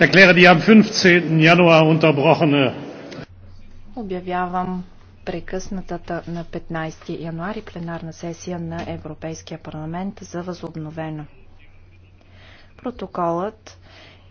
erkläre die am 15. Januar unterbrochene. Обявявам прекъснатата на 15 януари пленарна сесия на Европейския парламент за възобновена. Протоколът